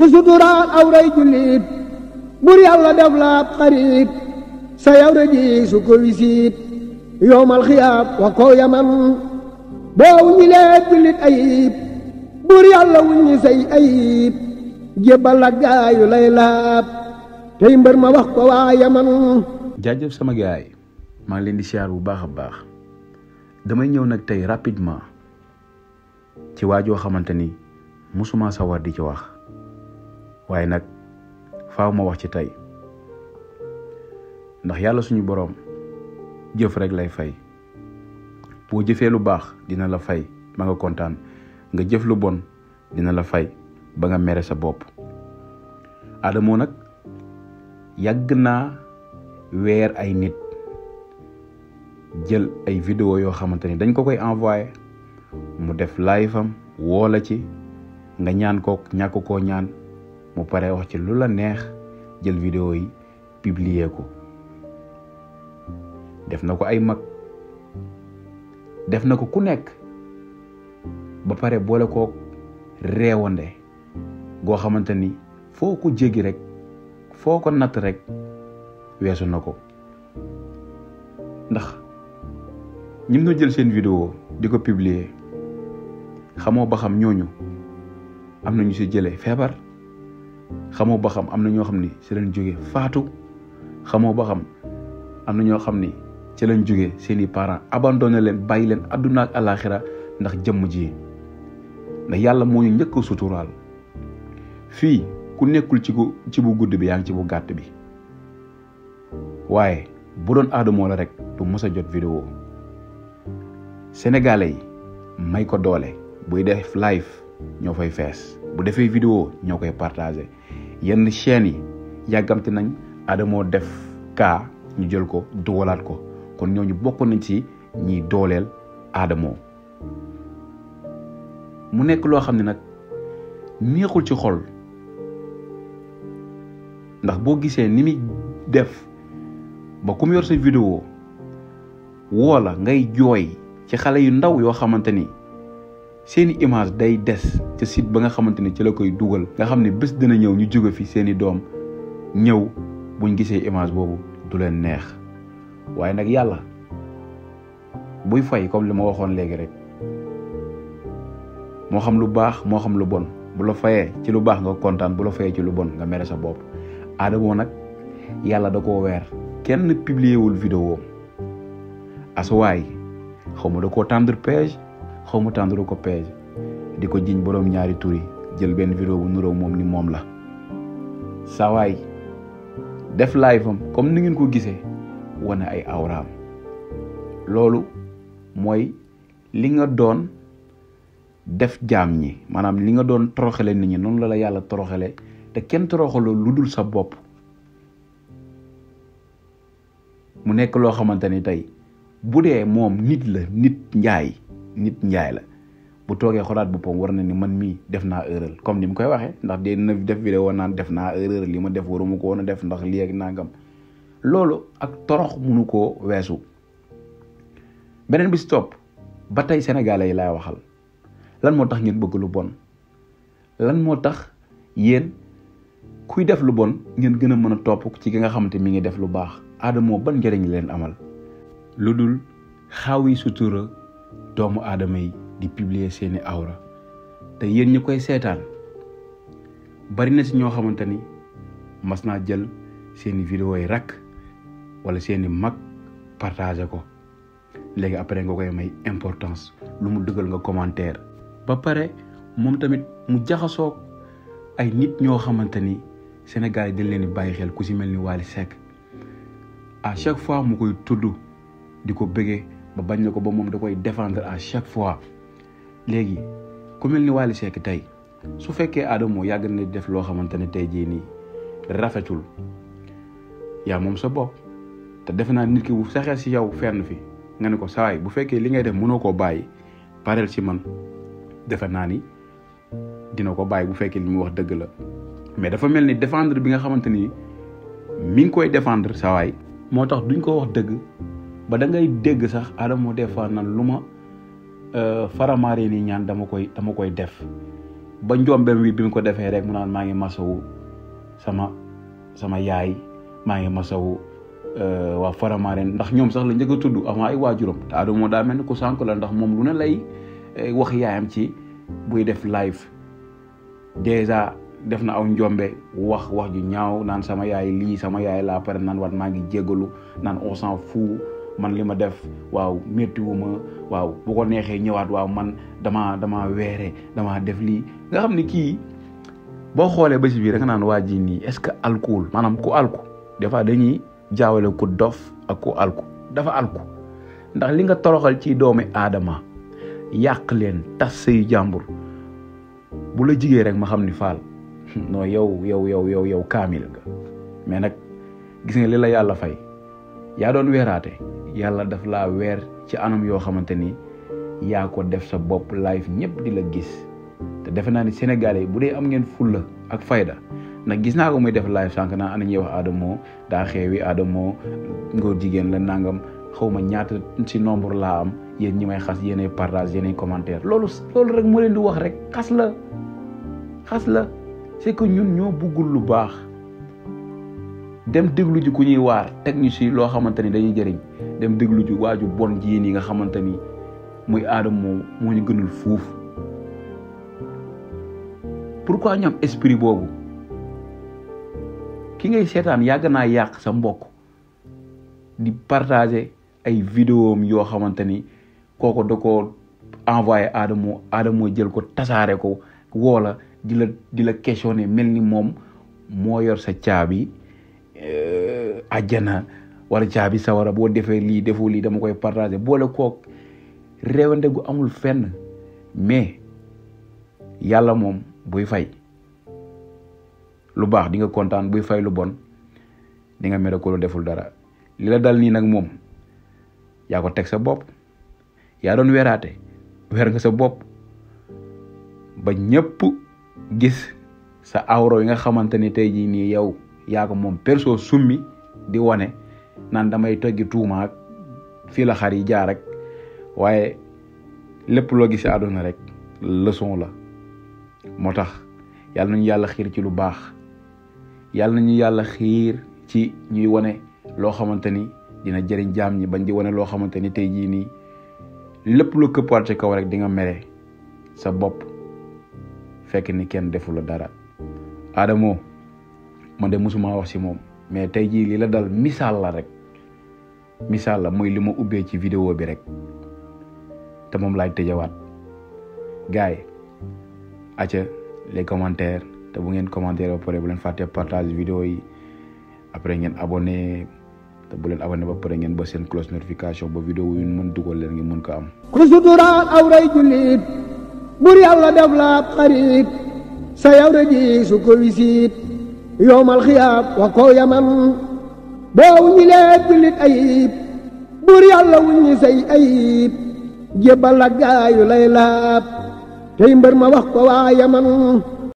ku suturaal awray jullit bur yàlla def la xarit sa yawra ji su ko wisiit yowmal xiyaab wa ko yaman boo wuññi jullit ayib bur yàlla wuññi say ayib jébbal la gaayu lay laab tey mbër ma wax ko waa yaman jaajëf sama gaay maa ngi leen di siyaar bu baax a baax damay ñëw nag tey rapidement ci waajoo xamante ni musuma sawar di ci wax waaye nag faaw ma wax ci tey ndax yàlla suñu boroom jëf rek lay fay boo jëfee lu baax dina la fay ba nga kontaan nga jëf lu bon dina la fay ba nga mere sa bopp Adamo nag yàgg naa weer ay nit jël ay vidéo yoo xamante ni dañ ko koy envoyé mu def live am woo ci nga ñaan ko ñàkk koo ñaan mu pare wax ci lu la neex jël vidéo yi publier ko def na ko ay mag def na ko ku nekk ba pare boole koo reewande goo xamante ni foo ko jéggi rek foo ko natt rek weesu na ko ndax ñim no jël seen vidéo di ko publier xamoo ba xam ñooñu am na ñu ci jëlee feebar xamoo ba xam am na ñoo xam ni ci lañ jógee faatu xamoo ba xam am na ñoo xam ni ci lañ jóge seeni parent parents abandonné leen bàyyi leen àdduna ak alaxira ndax jëmm ji ndax yàlla moo ñu njëkk a suturaal fii ku nekkul ci bu ci gudd bi yaa ngi ci bu gàtt bi waaye bu doon aadamoo la rek du mos a jot vidéo sénégalais yi may ko doole buy def live ñoo fay fees bu defee vidéo ñoo koy partagé yenn chaînes yi yàggamti nañ aadamoo def kaa ñu jël ko doolaat ko kon ñooñu bokk nañ ci ñuy dooleel aadamoo mu nekk loo xam ne nag neexul ci xol ndax boo gisee ni muy def ba ku mu yor sa vidéo woo la ngay jooy ci xale yu ndaw yoo xamante ni seeni image day des ca site ba nga xamante ni ci la koy dugal nga xam ne bés dina ñëw ñu jóge fi seeni doom ñëw buñ gisee image boobu du leen neex waaye nag yàlla buy fay comme li ma waxoon léegi rek moo xam lu baax moo xam lu bon bu la fayee ci lu baax nga kontaan bu la fayee ci lu bon nga mere sa bopp Adamo nag yàlla da koo weer kenn publier wul vidéo am da koo tendre page xaw ma tànduru ko peej di ko jiñ boroom ñaari turi jël benn vidéo bu nuroo moom ni moom la sawaay def live am comme ni ngeen ko gisee wane ay awraam loolu mooy li nga doon def jaam ñi maanaam li nga doon toroxale nit ñi noonu la la yàlla toroxale te kenn toroxaloo lu dul sa bopp mu nekk loo xamante ni tey bu dee moom nit la nit njaay nit njaay la bu toogee xoolaat boppam war na ni man mii def naa erreur comme ni mu koy waxee ndax dee na def vidéo naan def naa erreur yi ma def waruma ko woon a def ndax lii ak nangam loolu ak torox munu koo weesu beneen bi si topp ba tey sénégalais yi laay waxal lan moo tax ngeen bëgg lu lan moo tax yéen kuy def lu bon ngeen gën a mën a topp ci ki nga xamante mi ngi def lu baax aada moo ban njëriñ leen amal lu dul xaaw yi sutura doomu aadama yi di publier seni awra te yéen ñi koy seetaan bari na ci ñoo xamante ni mas naa jël seeni vidéo yi rakk wala seeni mag partager ko léegi après nga koy may importance lu mu dëggal nga commentaire ba pare moom tamit mu jaxasoo ay nit ñoo xamante ni Sénégal yi dañ leen di bàyyi xel ku ci mel ni Wally Seck à chaque fois mu koy tudd di ko bëggee ba bañ na ko ba moom da koy défendre à chaque fois léegi ku mel ni Wally Seck tey su fekkee Adamo yàgg na def loo xamante ne tey jii nii rafetul yaa moom sa bopp te defe naa nit ki bu saxee si yow fenn fi nga ne ko saay bu fekkee li ngay def mënoo koo bàyyi pareel si man defe naa ni dina ko bàyyi bu fekkee li mu wax dëgg la mais dafa mel ni défendre bi nga xamante ni mi ngi koy défendre sawaay moo tax duñ ko wax dëgg ba da ngay dégg sax Adamo des fois nan lu ma euh, faramaare nii ñaan dama koy dama koy def ba njombeem wi bi mu ko defee rek mu naan maa ngi masawu sama sama yaay maa ngi masawu euh, waa faramaare ndax ñoom sax la njëkk a tudd avant ay waajuram te Adamo daa mel ni ku sànq la ndax moom lu ne lay eh, wax yaayam ci buy def live déjà def na aw njombe wax wax ju ñaaw naan sama yaay lii sama yaay laa pare naan wat maa ngi jégalu naan on s'en man lima def waaw wuma waaw bu ko neexee ñëwaat waaw man dama dama weere dama def lii nga xam ne kii boo xoolee ba si biir rek nga naan waa ji nii est-ce que alcool maanaam ku alku des fois dañuy jaawale ku dof ak ku alku dafa alku ndax li nga toroxal ci doomi aadama yàq leen tas say jàmbur bu la jigee rek ma xam ni faal non yow yow yow yow yow nga mais nag gis nga li la fay Ya doon weeraate yalla daf la weer ci anam yo xamanteni ya ko def sa life live ñëpp di la gis te def na ni Sénégalais bu dee am ngeen ak fayda na gis na ko muy def live sank na ana ñi wax Adamo da xeewi Adamo ngor jigen la nangam xawma ñaata ci nombre la am yeen ñi may xas yéenay partage yéenay commentaire lolu lolu rek mo leen di wax rek xass la xass la c'est que ñun ñoo bëggul lu baax dem déglu ku ñuy waar teg ñu loo xamante ni dañuy jëriñ dem déglu ji waaju bon jii nii nga xamante ni muy aadam moom moo ñu gënal fuuf pourquoi ñu am esprit boobu ki ngay seetaan yàgg naa yàq sa mbokk di partager ay vidéo am yoo xamante ni kooku da ko envoyé aadamo aadamo jël ko tasaare ko woola di la di la questionner mel ni moom moo yor sa caabi Eh, ajana wala caabi sawara boo defee lii defu lii dama koy partagé boole kook rewande gu amul fenn mais yàlla moom buy fay lu baax di nga kontaan buy fay lu bon di nga mere ko lu deful dara lila la dal nii nag moom yaa ko teg sa bopp yaa doon weeraate weer nga sa bopp ba ñëpp gis sa awro yi nga xamante ni tey jii yow yaa ko moom perso summi di wone naan damay toggi tuuma ak fii la xar yi jaar rek waaye lépp loo gis àdduna rek leçon la moo tax yàlla nañu yàlla xiir ci lu baax yàlla nañu yàlla xiir ci ñuy loo xamante dina jëriñ jaam ñi bañ di wane loo xamante ni tey jii nii lépp lu këppaat ci kaw rek di nga mere sa bopp fekk ni kenn defu dara Adamo man de musuma wax ci moom mais tey jii li la dal misaal la rek misaal la mooy li ma ubbee ci vidéo bi rek te moom laay tëjawaat gars acca les commentaires te bu ngeen commentaire ba pare bu leen fàtte partage vidéo yi après ngeen abonné te bu leen abonné ba pare ngeen ba seen close notification ba vidéo yu mën dugal leen ngeen mën ko am ku aw ray julit bur yàlla def la xarit sa yawra ji su ko wisit يوم الخياب وكو يمن بو نيلات لا جلت ايب بور يالا وني سي ايب جبل غايو ليلا تيمبر ما واخ كو وا يمن